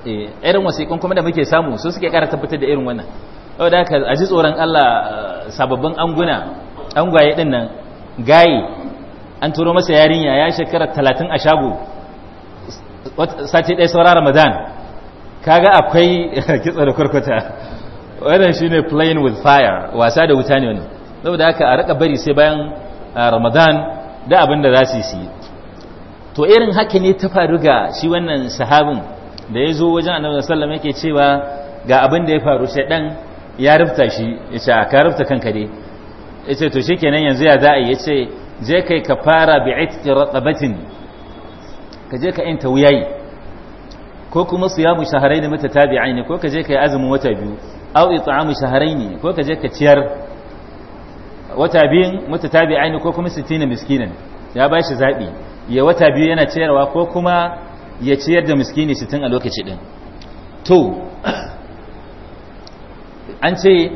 eh, irin wasiƙun kuma da muke samu su suke ƙara tabbatar da irin wannan yau da aka a ji tsoron Allah eh, sababbin anguna angwaye ɗin nan gaye an turo masa yarinya ya shekara talatin a shago sati ɗaya saura ramadan kaga akwai kitsa da kwarkwata. wannan shine playing with fire wasa da wuta ne wannan saboda haka a raka bari sai bayan ramadan da abin da za su yi to irin haka ne ta faru ga shi wannan sahabin da ya zo wajen annabi sallam yake cewa ga abin da ya faru Sai dan ya rufta shi ya ce ka rufta kanka dai ya ce to shikenan yanzu ya za a yi ya ce je kai ka fara bi itqi raqabatin ka je ka inta wuyayi ko kuma siyamu shahrayn mutatabi'ain ko ka je kai azumin wata biyu aw it'amu shahrayn ko ka je ka ciyar wata biyun mutatabi'ain ko kuma 60 miskinan ya ba shi zabi ya wata biyu yana ciyarwa ko kuma ya ciyar da miskini 60 a lokaci din to an ce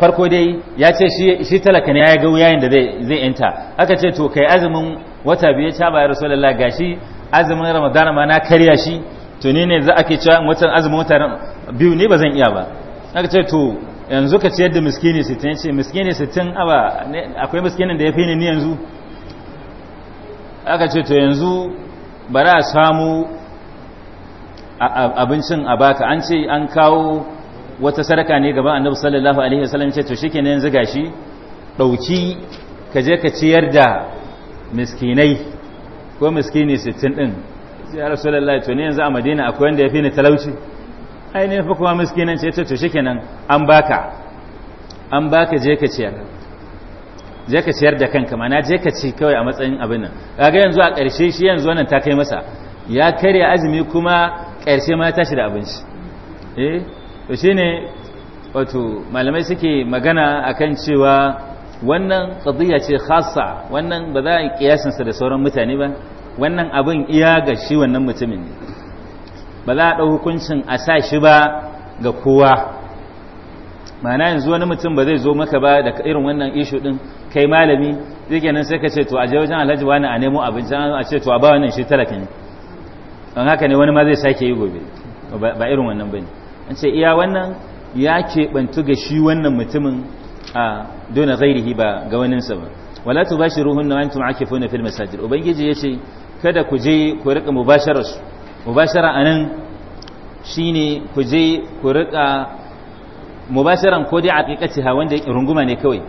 farko dai ya ce shi talaka ne ya ga wuyayin da zai yanta aka ce to kai azumin wata biyu ta bayar ga gashi azumin ramadana ma na karya shi to ne za a ke cewa watan azumin wata biyu ne ba zan iya ba aka ce to yanzu ka ciyar da miskini sittin ce miskini sittin aba akwai miskinin da ya fi ni yanzu aka ce to yanzu bara a samu abincin a baka an ce an kawo wata sadaka ne gaban annabi sallallahu alaihi wasallam ce to shikenan yanzu gashi dauki ka je ka ciyar da miskinai ko miskini 60 din ya rasulullahi to ne yanzu a madina akwai wanda ya fi ni talauci ai ne fa kuma miskinan ce to shikenan an baka an baka je ka ciyar je ka ciyar da kanka mana je ka ci kawai a matsayin abin nan kaga yanzu a ƙarshe shi yanzu wannan ta kai masa ya karya azumi kuma ƙarshe ma ya tashi da abinci eh to ne wato malamai suke magana akan cewa wannan qadiyya ce khasa wannan ba za a yi sa da sauran mutane ba wannan abin iya ga shi wannan mutumin ne ba za a dau hukuncin a sa shi ba ga kowa ma'ana yanzu wani mutum ba zai zo maka ba da irin wannan ishu din kai malami zai kenan sai ka ce to a je wajen alhaji wani a nemo abinci a ce to a ba wannan shi talaka ne don haka ne wani ma zai sake yi gobe ba irin wannan bane an ce iya wannan ya keɓantu ga shi wannan mutumin a dona zairihi ba ga waninsa ba wala ruhun tubashiruhunna wa antum akifuna fil masajir ubangiji ce kada ku je ku rika mubashara su mubashara shi shine ku je ku rika mubasharan ko dai a ha wanda yake runguma ne kawai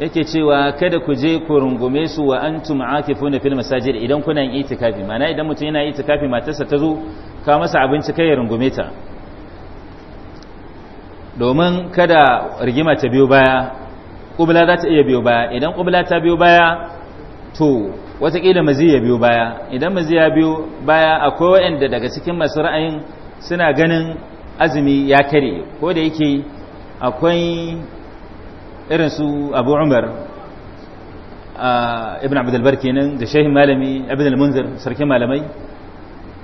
yake cewa kada ku je ku rungume su wa an antum akifuna fil masajir idan kuna yin itikafi ma'ana idan mutum yana itikafi matarsa ta zo kawo masa abinci kai ya rungume ta domin kada rigima ta biyo baya ƙubla za ta iya biyo baya idan ƙubla ta biyo baya to watakila mazi ya biyo baya idan mazi ya biyo baya akwai waɗanda daga cikin masu ra'ayin suna ganin azumi ya kare ko da yake akwai irin su abu umar ibn abdulbar kenan da shehin malami abin al-munzir sarkin malamai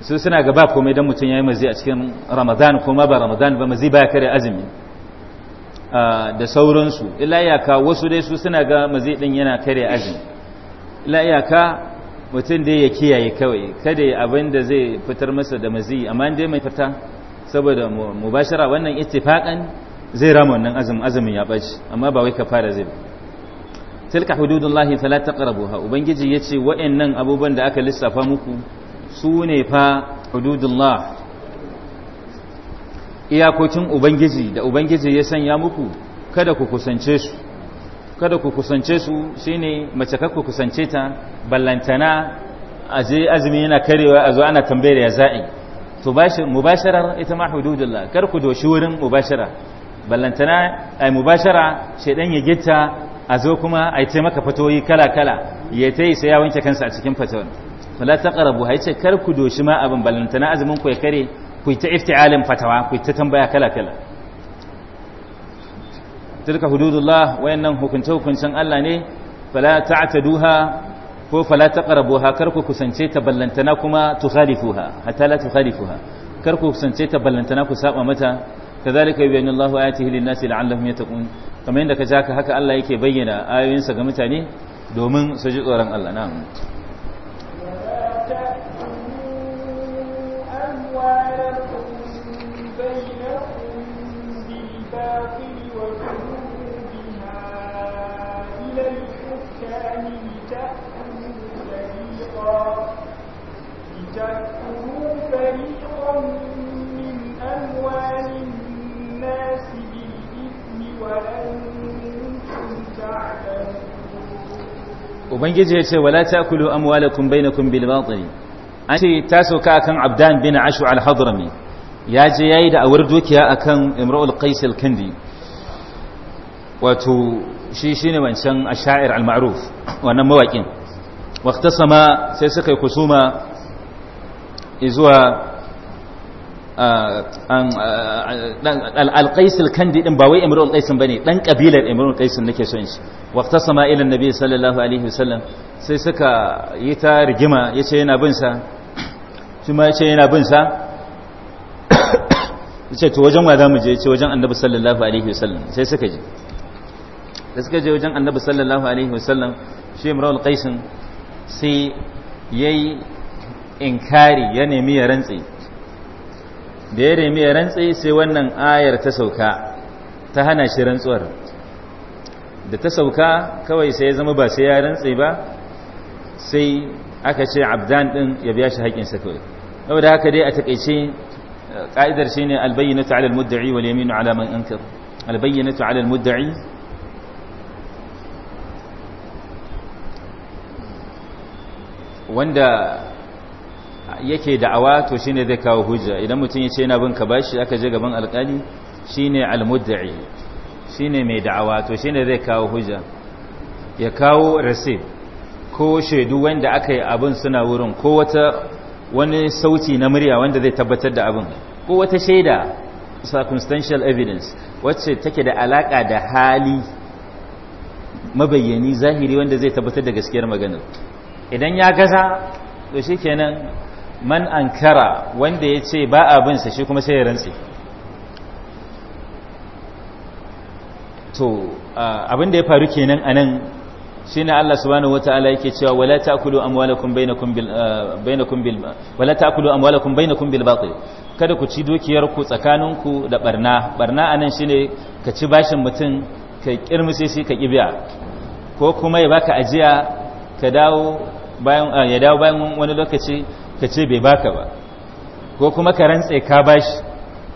su suna gaba komai don mutum ya yi mazi a cikin ramadan kuma ba ramadan ba mazi ba ya kare azumi da sauransu illa iyaka wasu dai su suna ga mazi din yana kare aji illa iyaka mutum dai ya kiyaye kawai kada abin da zai fitar masa da mazi amma dai mai fita saboda mubashara wannan ittifaqan zai rama wannan azumin azumin ya baci amma ba wai ka fara zai tilka hududullahi fala taqrabuha ubangiji yace wa'annan abubuwan da aka lissafa muku sune fa hududullah iyakokin ubangiji da ubangiji ya sanya muku kada ku kusance su kada ku kusance su shine mace kar ku kusance ta ballantana a je azumi yana karewa a zo ana tambayar ya za'i to bashi mubasharar ita ma hududullah kar ku doshi wurin mubashara ballantana ai mubashara shedan ya gitta a zo kuma ai ta maka fatoyi kala kala ya ta sai ya wanke kansa a cikin fatoyi fala taqrabu haice kar ku doshi ma abin ballantana azumin ku ya kare ku ta iftialin fatawa ku ta tambaya kala kala tilka hududullah wayannan hukunce hukuncen Allah ne fala duha ko fala taqrabuha kar ku kusance ta ballantana kuma tukhalifuha hata la tukhalifuha kar ku kusance ta ballantana ku saba mata ka kazalika yubayyinu Allahu ayatihi lin-nasi la'allahum yattaqun kamar yadda ka jaka haka Allah yake bayyana ayoyinsa ga mutane domin su ji tsoron Allah na'am amwala الباطل وتنوبها إلى الحكام لتأكلوا فريقا لتأكلوا فريقا من أموال الناس بالإثم وأنتم تعلمون Ubangiji ya ce, Wala ta kulu amwalakum bainakum bil an ce ta sauka kan Abdan bin Ashu al-Hadrami, ya je yi da awar dukiya akan imra'ul qais al-kandi wato shi ne wancan sha'ir al-ma'ruf wannan mawaƙin. wata sama sai suka yi kusuma izuwa al-qais al-kandi din ba wai imrul ba bane dan kabilar imra'ul qais nake son shi waqta sama ila nabi sallallahu alaihi wasallam sai suka yi ta rigima yace yana bin sa kuma yace yana bin sa ce to wajen wa za mu je ce wajen annabi sallallahu alaihi wasallam sai suka je da suka je wajen annabi sallallahu alaihi wasallam shi imrul qaisin sai yayi inkari ya nemi ya rantsi da ya nemi ya rantsi sai wannan ayar ta sauka ta hana shi rantsuwar da ta sauka kawai sai ya zama ba sai ya rantsi ba sai aka ce abdan din ya biya shi sa kawai saboda haka dai a takaice ka'idar shine albayyinatu 'ala alal muddai wal yaminu 'ala man ankar albayyinatu 'ala al-mudda'i wanda yake da'awa to shine zai kawo hujja idan mutum yace yana bin ka bashi aka je gaban alƙali shine almudda’i shi shine mai da'awa to shine zai kawo hujja ya kawo rasid ko shaidu wanda aka yi abin suna wurin ko wata wani sauti na murya wanda zai tabbatar da abin ko wata shaida circumstantial evidence wacce take da alaka da hali mabayyani zahiri wanda zai tabbatar da gaskiyar maganar idan ya gaza to kenan man ankara wanda ya ce ba abin sa shi kuma sai ya rantse to abin da ya faru kenan anan Shi ne Allah subhanahu wataala yake cewa wala ta kudu amwalakun bai na ah, bil wala kada ku ci dukiyar ku tsakaninku da barna barna anan ne ka ci bashin mutum ka ƙirmise shi ka ƙibiya ko kuma ya baka ajiya ka dawo bayan ah, ya dawo bayan wani lokaci ka ce bai baka ba ko kuma ka rantse ka bashi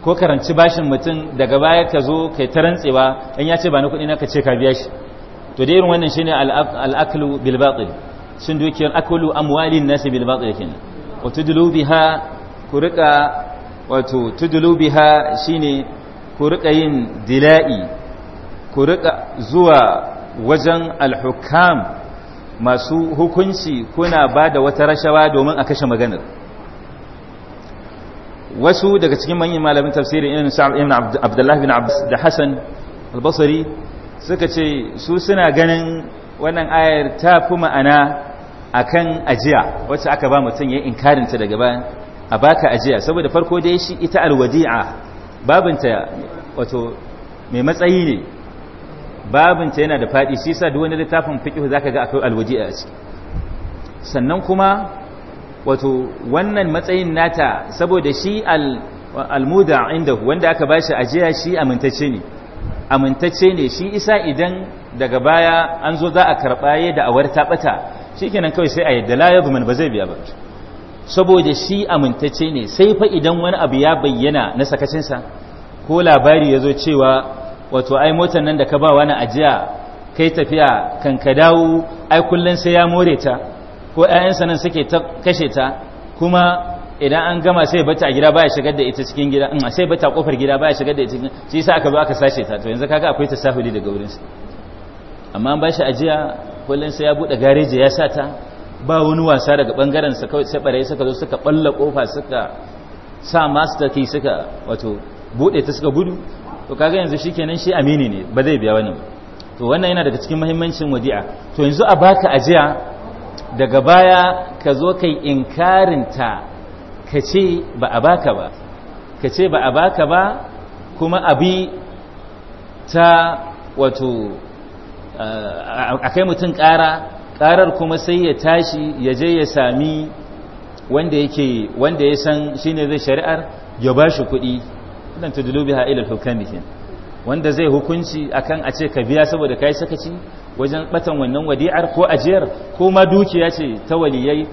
ko karanci bashin mutum daga baya ka zo kai ta rantsewa in ya ce ba ni kuɗi na ka ce ka biya shi to da irin wannan shine al-aklu bil batil sun dukiyar akulu amwalin nasi bil batil ne wa tudlu biha ku rika wato tudlu biha shine ku rika yin dila'i ku rika zuwa wajen alhukam masu hukunci kuna bada wata rashawa domin a kashe maganar wasu daga cikin manyan malamin tafsirin ibn Sa'd ibn Abdullah ibn Abbas da Hasan al-Basri suka ce su suna ganin wannan ayar ta fi ma'ana a kan ajiya wacce aka ba mutum ya inkarinta daga bayan a baka ajiya saboda farko dai shi ita alwadi'a babinta wato mai matsayi ne babinta yana da faɗi shi sa duk wani littafin za ka ga akwai alwadi'a a ciki sannan kuma wato wannan matsayin nata saboda shi al almuda inda wanda aka ba shi ajiya shi amintacce ne amintacce ne shi isa idan daga baya an zo za a karɓa ya da awar taɓata shi kenan kawai sai a yadda la yadda ba zai biya ba saboda shi amintacce ne sai fa idan wani abu ya bayyana na sakacinsa ko labari ya zo cewa wato ai motar nan da ka ba wani ajiya kai tafiya kan ka dawo ai kullum sai ya more ta ko 'ya'yansa nan suke kashe ta kuma idan an gama sai bata gida baya shigar da ita cikin gida sai bata kofar gida baya shigar da ita cikin shi yasa aka zo aka sashe ta to yanzu kaga akwai tasahuli daga wurin sa amma an bashi ajiya kullun sai ya bude gareji ya sa ta ba wani wasa daga bangaren sa kawai sai barayi suka zo suka balla kofa suka sa master key suka wato bude ta suka gudu to kaga yanzu shikenan shi amini ne ba zai biya wannan to wannan yana daga cikin muhimmancin wadi'a to yanzu a baka ajiya daga baya ka zo kai inkarinta ka ce ba a baka ba ka ce ba a baka ba kuma abi ta wato eh, a kai mutum ƙara ƙarar kuma sai ya tashi ya je ya sami wanda yake wanda ya san shine zai shari'ar ya ba shi kuɗi dan tudulu biha ila hukamihin wanda zai hukunci akan a ce ka biya saboda ka kai sakaci wajen batan wannan wadi'ar ko ajiyar ko ma dukiya ce ta waliyai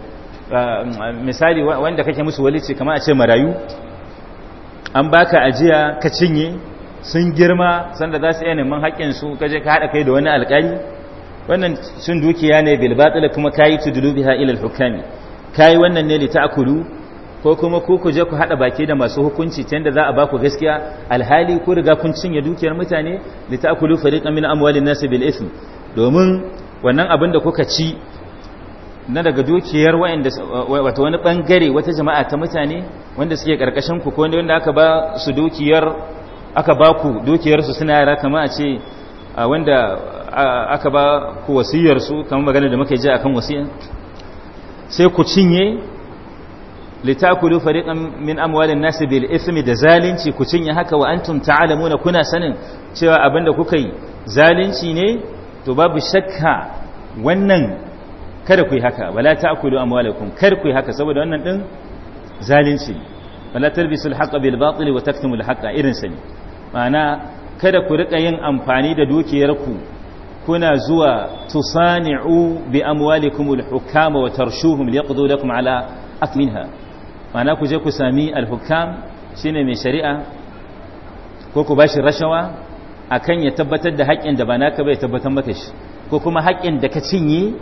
Ehm, misali wanda kake musu walici kamar a ce marayu an baka ajiya ka cinye sun girma sanda za su iya neman su kaje ka haɗa kai da wani alƙali wannan sun dukiya ne batil kuma ka yi tudulu biha ilal hukami ka yi wannan ne litakulu ko kuma ko ku je ku haɗa baki da masu hukunci ta yadda za a baku gaskiya alhali ko riga kun cinye dukiyar mutane litakulu fariqan min amwalin nasi bil ism domin wannan abin da kuka ci na daga dukiyar wata wani bangare wata jama'a ta mutane wanda suke karkashin ku ko wanda aka ba su dukiyar aka ba ku dukiyar su suna yara kamar a ce wanda aka ba ku wasiyar su kamar magana da muka ji akan wasiyar sai ku cinye litakulu fariqan min amwalin nas bil ismi da zalunci ku cinye haka wa antum ta'lamuna kuna sanin cewa abinda kuka yi zalunci ne to babu shakka wannan kada ku yi haka wala ta'kulu amwalakum kar ku yi haka saboda wannan din zalunci wala talbisul haqqa bil batil wa taktumul irin sani ma'ana kada ku rika yin amfani da dukiyar ku kuna zuwa tusani'u bi amwalikum al wa tarshuhum liqdu lakum ala akminha ma'ana ku je ku sami alhukam shine mai shari'a ko ku bashi rashawa akan ya tabbatar da haƙƙin da ba naka bai tabbatar maka shi ko kuma haƙƙin da ka cinye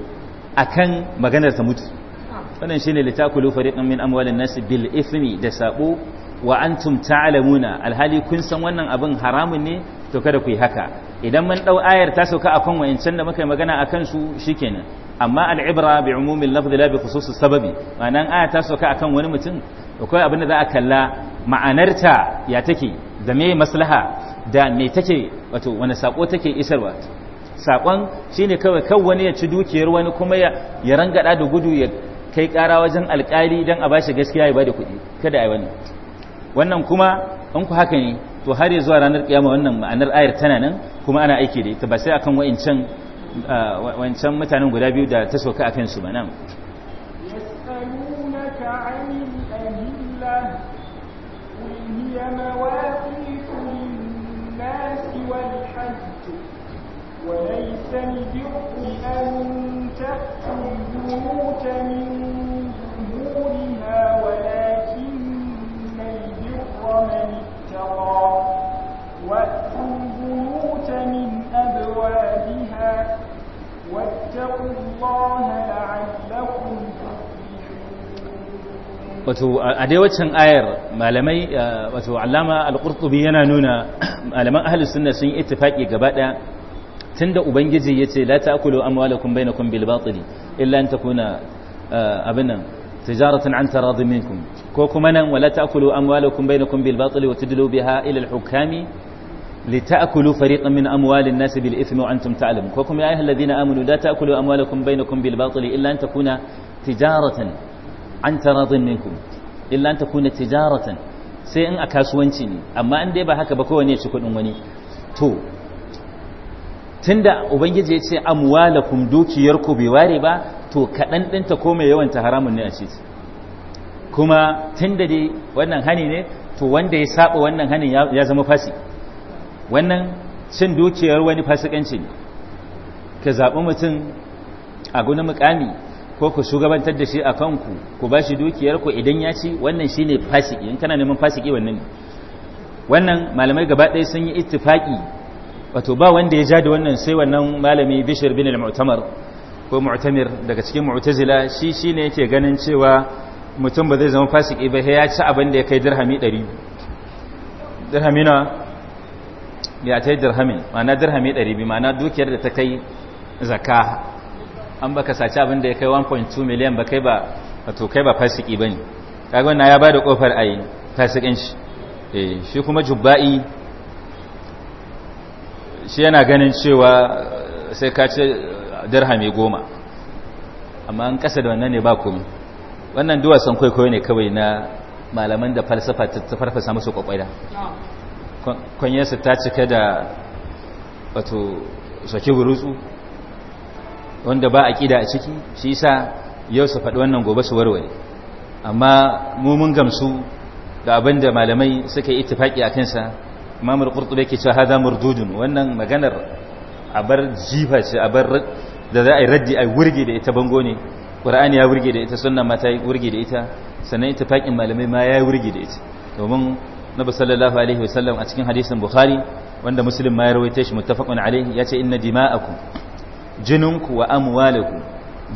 akan maganar ta mutu ah. wannan shine litakulu fariqan min amwalin nas bil ithmi da sabo wa antum ta'lamuna alhali kun san wannan abin haramun ne to kada ku yi haka idan mun dau ayar ta sauka akan wayancan da muka yi magana akan su shikenan amma Al-ibra bi umumin lafzi la bi khususus sababi ma'anan aya ta sauka akan wani mutum akwai abin da za a kalla ma'anarta ya take da me maslaha da me take wato wani sako take isarwa sakon ne kawai kan wani ya ci dukiyar wani kuma ya rangada da gudu ya kai kara wajen alkali dan a bashi gaskiya ya bada kuɗi kada ai wannan wannan kuma in ku haka ne to har zuwa ranar kiyama wannan ma'anar ayar tana nan kuma ana aiki da ita ba sai akan wa'incan wancan mutanen guda biyu da ta soka akan su ba nan ليس البر أن تأتوا البيوت من ظهورها ولكن البر من اتقى وأتوا البيوت من أبوابها واتقوا الله لعلكم wato a dai waccan ayar malamai wato allama al-qurtubi yana nuna malaman ahlus sunna sun ittifaqi gaba daya tunda ubangiji yace la ta'kulu amwalakum bainakum bil batil illa an kuna eh, abinan tijaratan an taradin minkum ko kuma nan wala akulu amwalakum bainakum bil batil wa tudlu biha ila al hukami لتأكلوا فريقا من أموال الناس بالإثم وأنتم تعلمون وكم يا أيها الذين آمنوا لا تأكلوا أموالكم بينكم بالباطل إلا أن تكون تجارة عن تراض منكم إلا أن kuna تجارة sai in a kasuwanci ne amma an dai ba haka ba kowane ya ci kuɗin wani to tunda ubangiji ya ce amwalakum dukiyarku bai ware ba to kaɗan ɗinta ko mai ta haramun ne a ce kuma tunda dai wannan hani ne to wanda ya saba wannan hani ya zama fasi wannan cin dukiyar wani fasikanci ne ka zaɓi mutum a gudun mukami ko ku shugabantar da shi a kanku ku ba shi dukiyarku idan ya ci wannan shine fasiki in kana neman fasiki wannan wannan malamai gaba ɗaya sun yi ittifaki wato ba wanda ya ja da wannan sai wannan malami bishir bin al-mu'tamar ko mu'tamir daga cikin mu'tazila shi shi ne yake ganin cewa mutum ba zai zama fasiki ba ya ci abin da ya kai dirhami 100 dirhami na ya ta dirhami ma'ana dirhami 200 ma'ana dukiyar da ta kai zakka an baka saci abin da ya kai 1.2 miliyan ba kai ba wato kai ba fasiki bane kaga wannan ya bada kofar ai fasikanci eh shi kuma jubba'i shi yana ganin cewa sai ka ce dirhami goma amma an kasa da wannan ne ba komi wannan duwasan kwaikwayo ne kawai na malaman da falsafa ta farfasa musu kwakwaida kwanyarsa ta cika da wato shaki burutsu wanda ba a ƙida a ciki shi sa yau su faɗi wannan gobe su warware amma mu gamsu da abin da malamai suka yi itifaki a kansa imam al-qurtubi yake cewa hada murdudun wannan maganar a bar jifa ce a bar da za a yi raddi a wurge da ita bango ne qur'ani ya wurge da ita sunna ma ta wurge da ita sannan ita fakin malamai ma ya wurge da ita domin nabi sallallahu alaihi wasallam a cikin hadisin bukhari wanda muslim ma ya rawaita shi muttafaqun alaihi yace inna dima'akum jinunku wa amwalakum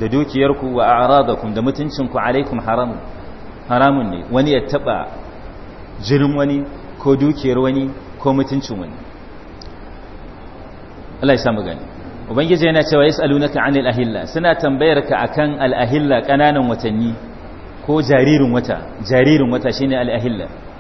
da dukiyarku wa a'radakum da mutuncinku alaikum haram haramun ne wani ya taba jinin wani ko dukiyar wani ko mutuncin wani Allah ya samu gani ubangiji yana cewa yas'alunaka anil ahilla suna tambayar ka akan al ahilla kananan watanni ko jaririn wata jaririn wata shine al ahilla